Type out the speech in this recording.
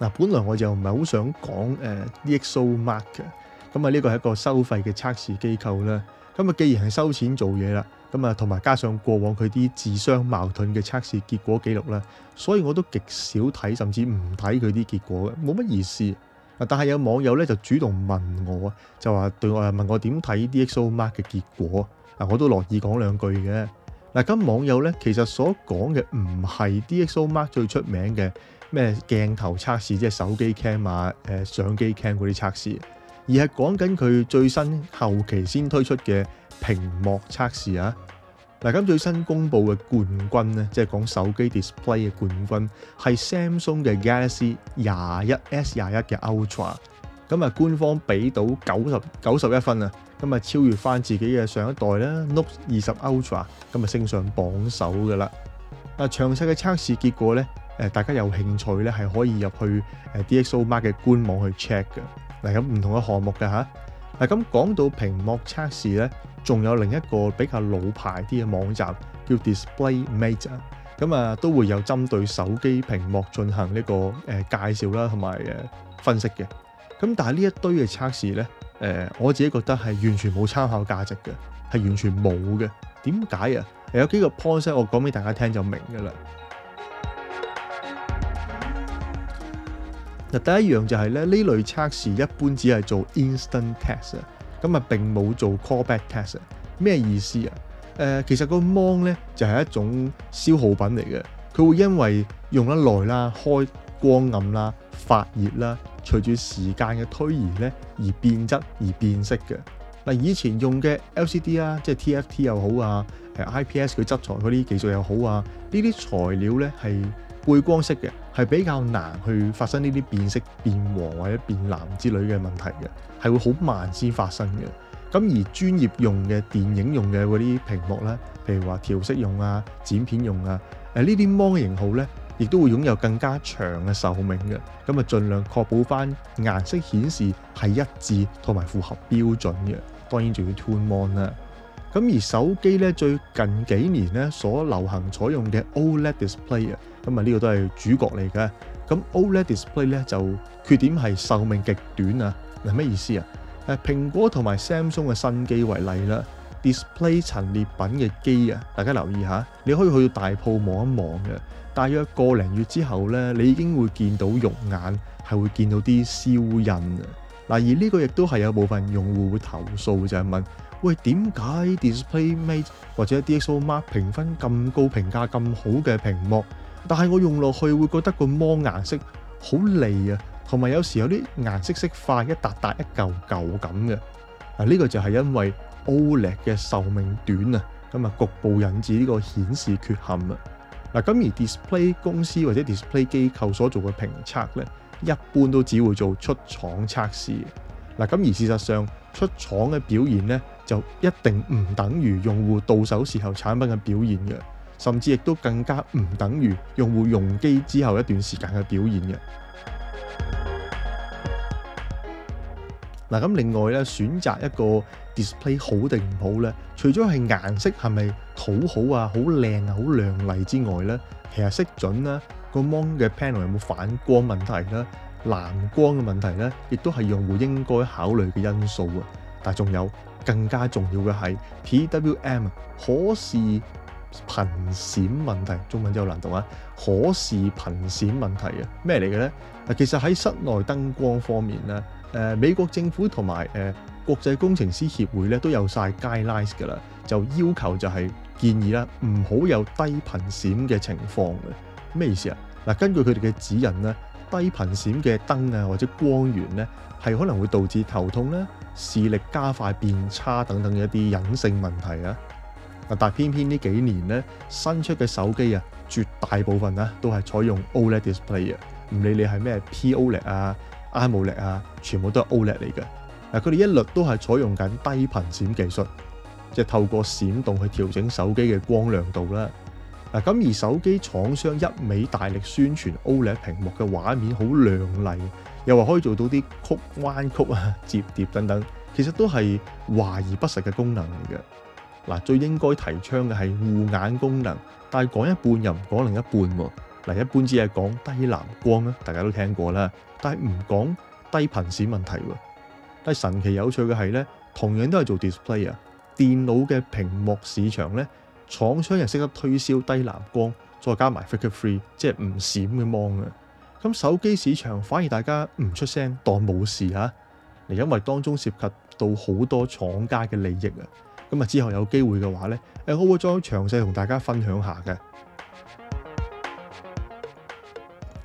嗱，本來我就唔係好想講誒 DxOMark 嘅，咁啊呢個係一個收費嘅測試機構啦。咁啊，既然係收錢做嘢啦，咁啊同埋加上過往佢啲自相矛盾嘅測試結果記錄啦，所以我都極少睇甚至唔睇佢啲結果嘅，冇乜意思。啊，但係有網友咧就主動問我，就話對我問我點睇 DxOMark 嘅結果啊，我都樂意講兩句嘅。。嗱，咁網友咧其實所講嘅唔係 DxO Mark 最出名嘅咩鏡頭測試，即係手機 cam camera，啊、呃、相機 cam 嗰啲測試，而係講緊佢最新後期先推出嘅屏幕測試啊。嗱，咁最新公佈嘅冠軍咧，即係講手機 display 嘅冠軍係 Samsung 嘅 Galaxy 21 S 21嘅 Ultra。咁啊，官方俾到九十九十一分啊。咁啊超越翻自己嘅上一代咧，Note 二十 Ultra 今日升上榜首噶啦！嗱，詳細嘅測試結果咧，誒大家有興趣咧係可以入去誒 DxOMark 嘅官網去 check 嘅。嗱，咁唔同嘅項目嘅吓。嗱，咁講到屏幕測試咧，仲有另一個比較老牌啲嘅網站叫 Display Mate，咁啊都會有針對手機屏幕進行呢個誒介紹啦，同埋誒分析嘅。咁但係呢一堆嘅測試咧。呃、我自己覺得係完全冇參考價值嘅，係完全冇嘅。點解啊？有幾個 point 我講俾大家聽就明㗎喇。第一樣就係、是、咧，呢類測試一般只係做 instant test 啊，咁啊並冇做 callback test。咩意思啊？誒、呃，其實個芒咧就係、是、一種消耗品嚟嘅，佢會因為用得耐啦、開光暗啦、發熱啦。隨住時間嘅推移咧，而變質、而變色嘅嗱，以前用嘅 LCD 啊，即係 TFT 又好啊，誒 IPS 佢質材嗰啲技術又好啊，呢啲材料咧係背光式嘅，係比較難去發生呢啲變色、變黃或者變藍之類嘅問題嘅，係會好慢先發生嘅。咁而專業用嘅電影用嘅嗰啲屏幕咧，譬如話調色用啊、剪片用啊，誒呢啲 mon 型號咧。亦都會擁有更加長嘅壽命嘅，咁啊，盡量確保翻顏色顯示係一致同埋符合標準嘅。當然仲要 turn on 啦。咁而手機咧，最近幾年咧所流行採用嘅 OLED display 啊，咁啊呢個都係主角嚟嘅。咁 OLED display 咧就缺點係壽命極短啊。係咩意思啊？誒，蘋果同埋 Samsung 嘅新機為例啦，display 陳列品嘅機啊，大家留意一下，你可以去大鋪望一望嘅。大約一個零月之後咧，你已經會見到肉眼係會見到啲燒印啊！嗱，而呢個亦都係有部分用戶會投訴，就係問：喂，點解 DisplayMate 或者 DxO Mark 評分咁高、評價咁好嘅屏幕，但係我用落去會覺得個摸顏色好膩啊，同埋有時有啲顏色色塊一塊塊一笪笪、一嚿嚿咁嘅？嗱，呢個就係因為 OLED 嘅壽命短啊，咁啊局部引致呢個顯示缺陷啊。嗱，咁而 display 公司或者 display 機構所做嘅評測咧，一般都只會做出廠測試。嗱，咁而事實上，出廠嘅表現咧，就一定唔等於用戶到手時候產品嘅表現嘅，甚至亦都更加唔等於用戶用機之後一段時間嘅表現嘅。嗱咁，另外咧，選擇一個 display 好定唔好咧，除咗係顏色係咪好好啊、好靚啊、好亮麗之外咧，其實色準啦。個芒嘅 panel 有冇反光問題咧、藍光嘅問題咧，亦都係用戶應該考慮嘅因素啊。但係仲有更加重要嘅係 PWM 啊，可視頻閃問題，中文有難度啊！可視頻閃問題啊，咩嚟嘅咧？嗱，其實喺室內燈光方面咧。誒、呃、美國政府同埋誒國際工程師協會咧都有晒 guidelines 㗎啦，就要求就係建議啦，唔好有低頻閃嘅情況嘅。咩意思啊？嗱，根據佢哋嘅指引咧，低頻閃嘅燈啊或者光源咧，係可能會導致頭痛啦、視力加快變差等等嘅一啲隱性問題啊。嗱，但偏偏呢幾年咧，新出嘅手機啊，絕大部分啦、啊、都係採用 OLED display 啊，唔理你係咩 P-OLED 啊。AMOLED 啊，全部都係 OLED 嚟嘅。嗱，佢哋一律都係採用緊低頻閃技術，即係透過閃動去調整手機嘅光亮度啦。嗱，咁而手機廠商一味大力宣傳 OLED 屏幕嘅畫面好亮麗，又話可以做到啲曲彎曲啊、摺疊等等，其實都係華而不實嘅功能嚟嘅。嗱，最應該提倡嘅係護眼功能，但係講一半又唔講另一半喎、啊。嗱，一般只係講低藍光啊，大家都聽過啦，但係唔講低頻閃問題喎。但係神奇有趣嘅係咧，同樣都係做 display 啊，電腦嘅屏幕市場咧，廠商又識得推銷低藍光，再加埋 flicker-free，i 即係唔閃嘅芒啊。咁手機市場反而大家唔出聲，當冇事嚇。因為當中涉及到好多廠家嘅利益啊。咁啊，之後有機會嘅話咧，誒，我會再詳細同大家分享一下嘅。